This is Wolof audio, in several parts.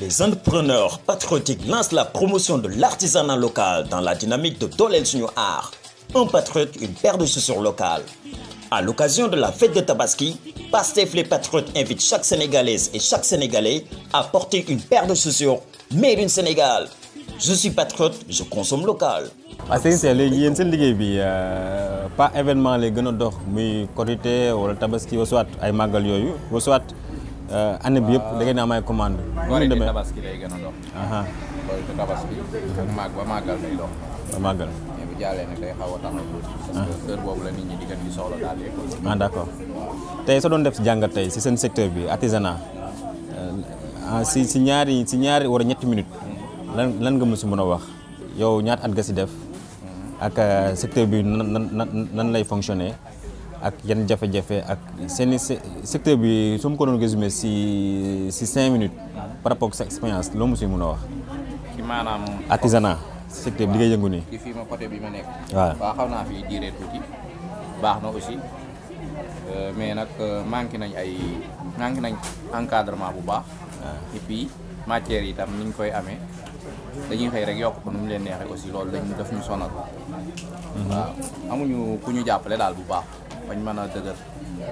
Les entrepreneurs patriotiques lancent la promotion de l'artisanat local dans la dynamique de Dolel New Art. Un patriote, une paire de chaussures locales. À l'occasion de la fête de Tabaski, Pastef les patriotes invite chaque Sénégalaise et chaque Sénégalais à porter une paire de chaussures mais d'une Sénégal. Je suis patriote, je consomme local. Ah, euh, pas événement qui est tabaski soit Euh, année bi yëpp léegi ngeen am ay commande waree di tabaski a dox. ba màggal lay dox. ba màggal. mais bu ah. boobu la nit ñi di d' ah, accord tey soo doon def si tey si seen secteur bi artisanat euh, ah, si si ñaari si ñaari wala ñetti minutes. lan lan nga mos mën a wax yow ñaat at nga si def. Mm-hmm. ak euh, secteur bi nan nan lay fonctionner. ak yan jafé jafé ak sen secteur bi sum ko doon résumer ci ci 5 minutes par rapport ak expérience lo mu mëna wax. ci manam artisanat secteur bi li ngay yëngu ni fi ma côté bi ma nek waaw xawna fi diré touti baxna aussi euh mais nak euh, manki nañ ay manki nañ encadrement bu baax. et puis matière yi tam ni ñu koy amé dañuy xey rek yok ko num leen nexé aussi lolou dañ def ñu sonal. Mhm. waaw amuñu ku ñu jappalé dal bu baax bañ mën a dëgër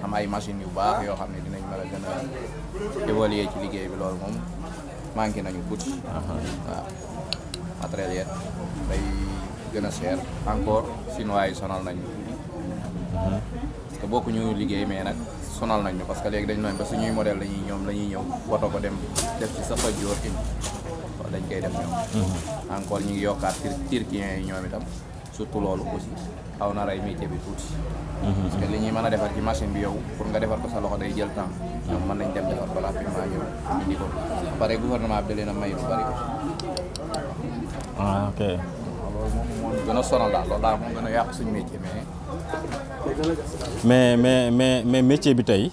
am ay machine yu baax yoo xam ne dinañ mën a gën a évoluer ci liggéey bi loolu moom manqué nañu tuuti waaw matériel yeet day gën a cher encore chinois yi sonal nañu parce que bokkuñu liggéey mais nag sonal nañu parce que léegi dañ nooñ ba suñuy modèle lañuy ñoom lañuy ñëw foto ko dem def ci safa jóor in dañ koy def ñoom encore ñu ngi yokkaat tir tirkien yi ñoom itam surtout loolu aussi xaw na rey métier bi tuuti. Mhm. parce que li ñuy mën a defar ci machine bi yow pour nga defar ko sa loxo day jël temps. ñoom mhm. mën nañ dem defar ko rapidement ñëw indi ko ba pare gouvernement da leen a may lu bari ko. ah ok. loolu a sonal yàq suñu métier mais. mais mais mais métier bi tey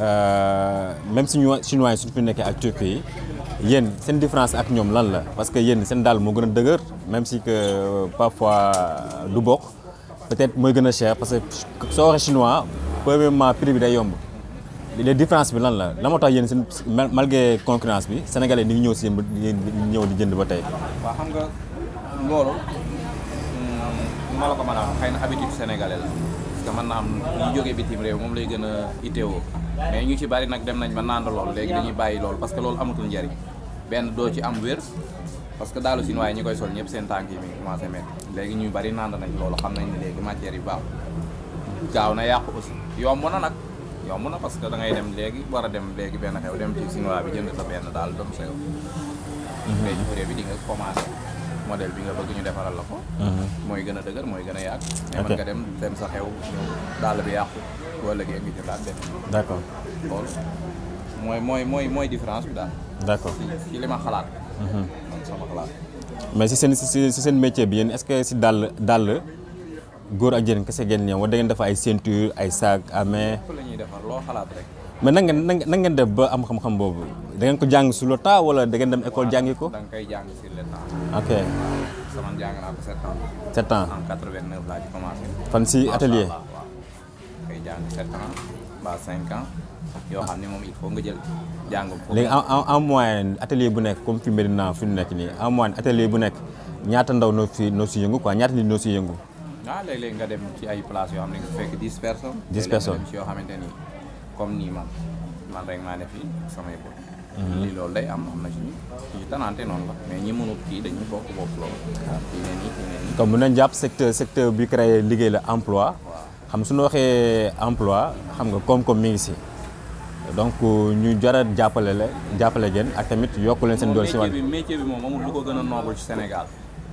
euh, même suñu chinois yi suñu fi nekkee ak turc yi. yéen sen différence ak ñom lan la parce que yéen sen dal mo gëna a même si que euh, parfois euh, du bokk peut-être moy gëna cher parce que soo waxee chinois premièrement prix bi day yomb les différence bi lan la la motax tax sen malgré concurrence bi sénégalais ni ñëw ci yéen ñëw di jënd ba tay wa xam nga mm, loolu mm, ma la ko mën a habitude sénégalais la parce que man na am ñu joggé bitim réew mom lay gëna a mais ñu ci bari nak dem nañ ba nand lool légui dañuy bayyi lool parce que lool amatul njariñ ben do ci am wér parce que dalu sin way ñi koy sol ñep seen tank yi mi commencé met légui ñuy bari nand nañ lolu xam nañ ne léegi matière yi baax gaaw na yaq aussi yomb na nag yomb na parce que da ngay dem légui wara dem légui ben xew dem ci sin way bi jënd sa ben dal dom sa yow mais mhm. ci pré bi di nga commencé model bi nga bëgg ñu défaral la ko moy mhm. gëna dëgër moy gëna yaq yàgg man nga dem dem sa xew dal bi yaq wala gëngi ci dal dem d'accord moy moy moy moy différence bi dal d'accord ci li ma sama mhm. xalaat mais si seen si seen métier bi est ce que si dal dal góor ak jigéen kese ngeen ñëw wala da ngeen dafa ay ceinture ay sac à main lépp la ñuy defar xalaat rek mais nan ngeen ngeen def ba am xam-xam boobu da ngeen ko wala da ngeen dem école jàngi ko da nga le ok sama ko ans ans en 89 ci commencé fan atelier ans ba ans yo xamne mom il faut nga jël jangum foofu léegi en moyenne atelier bu nek comme fi Medina fi nek ni nii en moyenne atelier bu nek ñaata ndaw no fi no si yëngu quoi ñaata nit no si yëngu na ah, leg leg nga dem ci ay place yo xamne nga fekk 10 personnes 10 personnes yo yoo xamante ni comme nii man man rek ma ne fi sama ko mhm. li loolu day am amna ci ni ci tanante non la mais ñi mënu ki dañu bokk bopp loolu kii ne ni comme mën nañ jàpp secteur secteur bi créer liggéey la emploi xam suñu waxe emploi xam nga comme comme mi ngi si donc euh, ñu jar a jàppale la jàppale ngeen ak tamit yokk leen seen doole si wàllu métier bi moom amul lu ko gën a noble ci Sénégal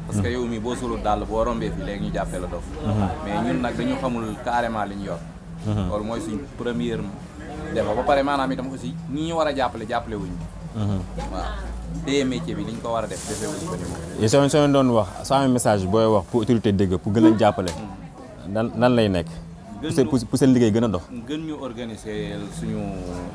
parce que yow mii boo solul dàll boo rombee fi léegi ñu jàppee la dof mhm. mais ñun nag dañu xamul carrément li ñu yor mhm. loolu mooy suñ première defa ba pare maanaam itam aussi ñi ñu war a jàppale jàppale wuñu mhm. waaw téye métier bi li ñu ko war a def defee wuñu ko ni moom soo soo doon wax soo amee message booy wax pour autorité dégg pour gën a jàppale nan nan lay nekk pour seen liggéey gën a dox gën ñu organiser suñu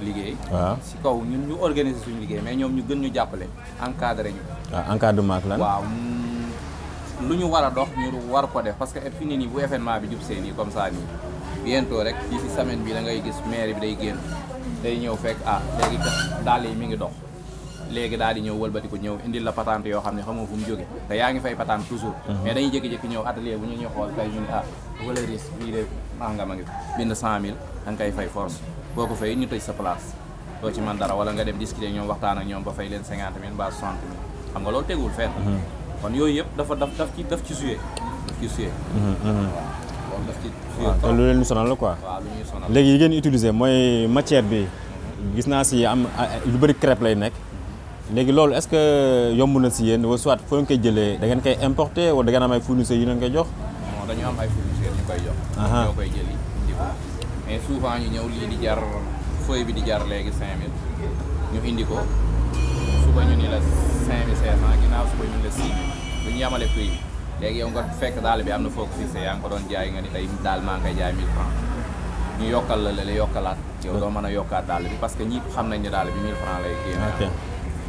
liggéey waaw si kaw ñun ñu organiser suñu liggéey mais ñoom ñu gën ñu jàppale encadré ñu waaw encadrement ak lan waaw mm, lu ñu war a dox ñu war ko def parce que fi ni nii bu événement bi jub see nii comme ça nii bientôt rek fii si semaine bi da ngay gis maire bi day génn day ñëw fekk ah léegi kat yi mi ngi dox léegi daal di ñëw wëlbati ko ñëw indil la patente yoo xam ne xamoo fu mu jóge te yaa ngi fay patente toujours mhm. mais dañuy jékki-jékki ñëw atelier bu ñu ñuy xool tey ñu ne ah bind 100000 da nga koy fay force boo ko fay ñu tëj sa place doo ci man dara wala nga dem discuter ñoom waxtaan ak ñoom ba fay leen 50 mille mbaa 60 mille xam nga loolu tegul fenn mhm. kon yooyu yëpp dafa daf daf ci daf ci suyee daf ci suyee mhm, waaw daf lu leen sonal la quoi waaw lu ñuy léegi yi ngeen utiliser mooy matière bi gis naa si am lu bëri crêpe lay nekk léegi loolu est-ce que yomb na si yéen wala soit foo koy jëlee da ngeen koy importer wala da ngeen am ay fournisseurs yu ngeen koy jox. bon dañu am ay fournisseurs koy jox. ñoo mais souvent ñu ñëw lii di jar feuille bi di jar léegi 5000 ñu indi ko suba ñu ni la 5500 ginnaaw suba ñu ni la 6000 bu ñu yemale prix léegi yow nga fekk daal bi am na foog ko fixé yaa ngi ko doon jaay nga ni tey daal maa ngi koy jaay 1000 francs ñu yokkal la la yokkalaat yow doo mën a yokkaat daal bi parce que ñi xam nañ ne daal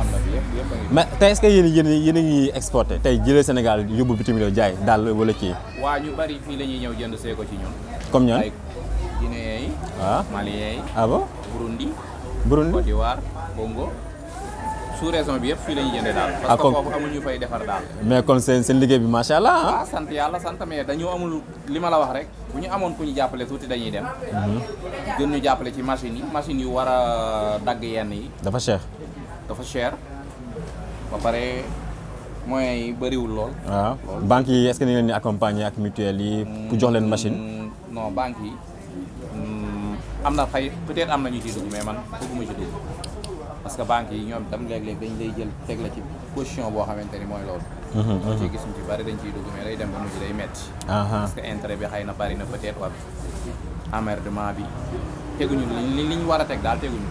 am na bi yëpp yëpp mais tey est-ce que yéen yéen yéen a ngi exporté tey jëlee Sénégal yóbbu bitim réew jaay daal wala kii. waa ñu bari fii la ñuy jënd see ko ci ñun. comme ñoom ay yi. waaw ah. Malien yi. ah bon Burundi. Burundi Côte d'Ivoire Congo. sous raison bi yëpp fii la ñuy jëndee daal. Ah, parce que foofu amuñu fay defar daal. mais kon seen seen liggéey bi macha allah. ah, ah sant yàlla sant mais dañu amul li la wax rek bu ñu amoon ku ñu jàppale tuuti dañuy dem. Mhm. gën ñu jàppale ci machine yi machine yu war a yenn yi. dafa cher. dafa cher ba pare moyens yi bëriwul lool. waaw ah. banques yi est-ce que ni leen di accompagner ak mutuelle yi. Mm, pour jox leen machine. Mm, non banques yi mm, am na fay peut-être am na ñu ciy dugg mais man bëgguma ci dugg parce que banques yi ñoom dam léeg-léeg dañ lay jël teg la ci position boo xamante ni mooy loolu. boo mm-hmm, mm-hmm. ciy gis ñu ci bari dañ ciy dugg mais day dem ba mujj day metti ah, ah. parce que intérêt bi xëy na bari na peut-être wala bi teguñu li ñu war a teg daal teguñu.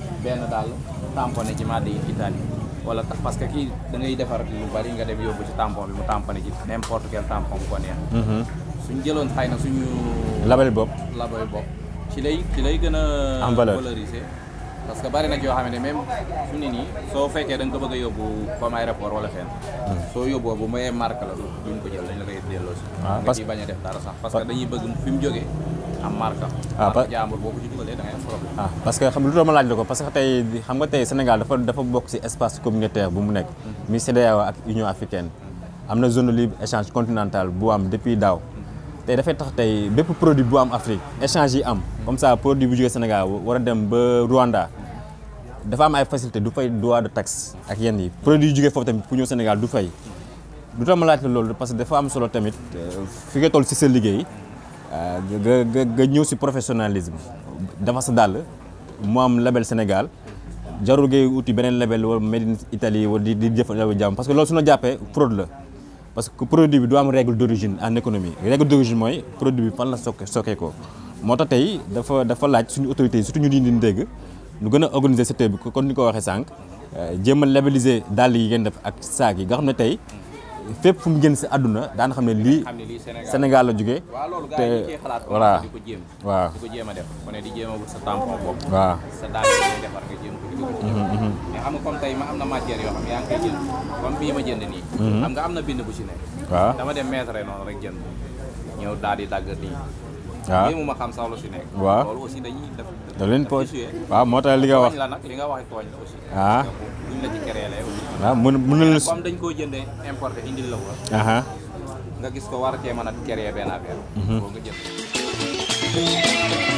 benn daal tamponné ci madd yi Italie wala parce kii da defar bari nga dem yóbbu ci tampon bi mu tamponné ci n'importe quel tampon bu ko neex mm-hmm. suñ jëloon xëy na suñu label bopp label bopp ci lay gën a am valeur valoriser parce que bari nag yoo xam ne même su ni nii soo fekkee da nga ko bëgg a yóbbu comme aéroport wala fenn mm. soo yóbboo bu mayee marque la duñ ko jël dañ la koy ah, nga ciy bañ a def dara sax parce dañuy bëgg fi mu am marka waaw jaambur boo parce que xam lu doon ma laaj ko parce que tey xam nga tey Sénégal dafa dafa bokk ci espace communautaire bu mu nekk mi mm-hmm. CEDEAO ak Union africaine mm-hmm. am na zone libre échange continentale bu am depuis daaw mm-hmm. tey dafay tax tey bépp produit bu am Afrique échange yi am comme ça produit bu jógee Sénégal war a dem ba Rwanda dafa am ay facilité du fay droit de taxe ak yenn yi produit yu jógee foofu tamit pour ñëw Sénégal du fay lu tax ma laaj loolu parce que dafa am solo tamit euh, fi nga toll ci sa liggéey Je euh, suis professionnalisme dafa label Sénégal je suis label Italie parce que lorsque nous fraude parce que produit doit avoir une règle d'origine en économie règle d'origine sont produit bi qui la sokke sokkee ko suis dafa surtout ñu nous avons ñu fépp fu mu jën si àdduna daan xam ne lii Sénégal la jógee te voilà waaw di ko jéem a def ku ne di jéem a wut sa tampon bopp waaw sa daal ngay defar nga jéem ko ci dugg mm-hmm, mm-hmm. mais xam nga comme tey ma am na matière yoo xam yaa ngi nii mm-hmm. xam nga am na bind bu si nekk waaw dama dem mettre noonu rek jënd ñëw daal di dagg nii waa lii mu ma xam sax si nekk. waaw loolu aussi dañuy def. da leen ko waaw moo tax li nga wax tooñ la nag li nga wax tooñ la aussi. ah buñ dañ koo jëndee importé indil la ko. nga gis ko war cee mën a créé benn affaire. boo nga jënd.